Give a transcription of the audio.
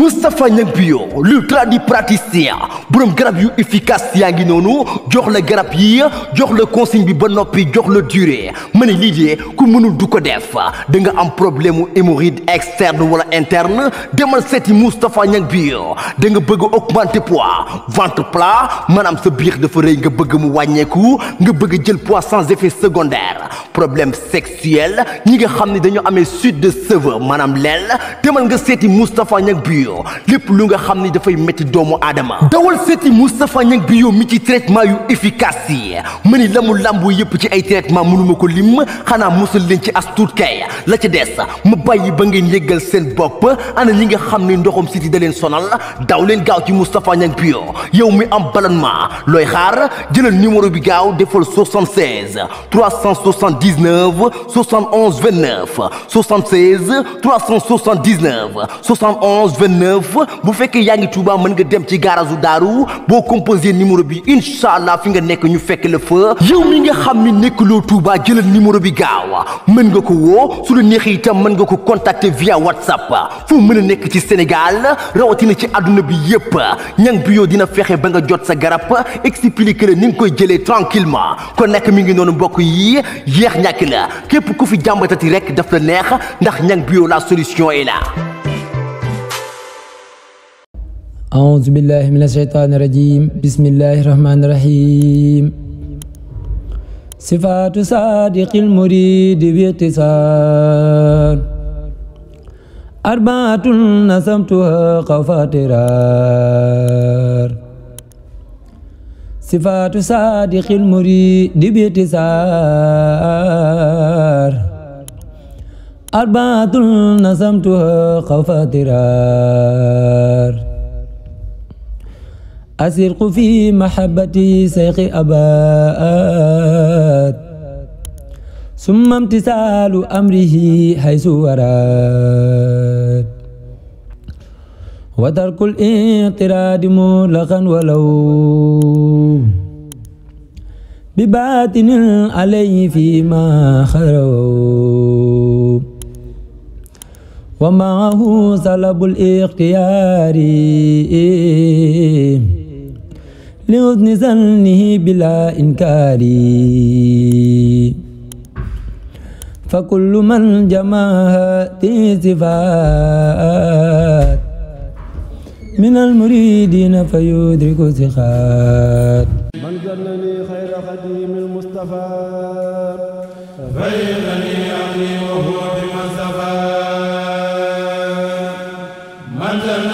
Moustapha Niang Bio le tradipraticien borom garab yu efficace yaa ngi noonu jox la garab yi jox la consigne bi ba noppi jox la durée ma ne lii de ku mënul du ko def da nga am problème mu hémorroïde externe wala interne demal seeti Moustapha Niang bi da nga bëgg a augmenter poids ventre plat maanaam sa biir dafa rëy nga bëgg mu wàññeeku nga bëgg jël poids sans effet secondaire problème sexuel ñi nga xam ne dañoo amee chute de cheveux maanaam leel demal nga seeti Moustapha Niang Bio dépression lépp lu nga xam ni dafay métti doomu aadama dawal seeti Moustapha Niang bio mi ci traitement yu efficace yi ma ni la mu làmboo yëpp ci ay traitement mënuma ko lim xanaa mosal leen ci as kay la ci des ma bàyyi ba ngeen yëggal seen bopp ana ñi nga xam ni ndoxum siti da leen sonal daw leen gaaw ci Moustapha Niang bio yow mi am ballonnement looy xaar jëlal numéro bi gaaw defal 76 379 71 29 76 379 71 29 9 bu fekkee yaa ngi Touba mën nga dem ci garage Daaru boo composé numéro bi incha allah fi nga nekk ñu fekk la fa yow mi nga xam ni nekkuloo Touba jëlal numéro bi gaaw mën nga ko woo su la neexee itam mën nga ko contacter via WhatsApp fu mën a nekk ci Sénégal rawatina ci àdduna bi yépp ñang bi yow dina fexe ba nga jot sa garab expliqué la ni nga koy jëlee tranquillement kon nekk mi ngi noonu mbokk yi yéex ñàkk la képp ku fi jàmbatati rek daf la neex ndax ñang bi la solution est là أعوذ بالله من الشيطان الرجيم بسم الله الرحمن الرحيم صفات صادق المريد باقتصار أربعة نسمتها قفاترار صفات صادق المريد باقتصار أربعة نسمتها قفاترار أسرق في محبة شيخ أبات ثم امتثال أمره حيث وراد وترك الانقراض مطلقا ولو بباطن عليه فيما خروا ومعه سلب الاختيار لحسن ظنه بلا إنكار فكل من جمعها صفات من المريدين فيدرك سخات من جلني خير خديم المصطفى فيغني عني وهو بمصطفى من جلني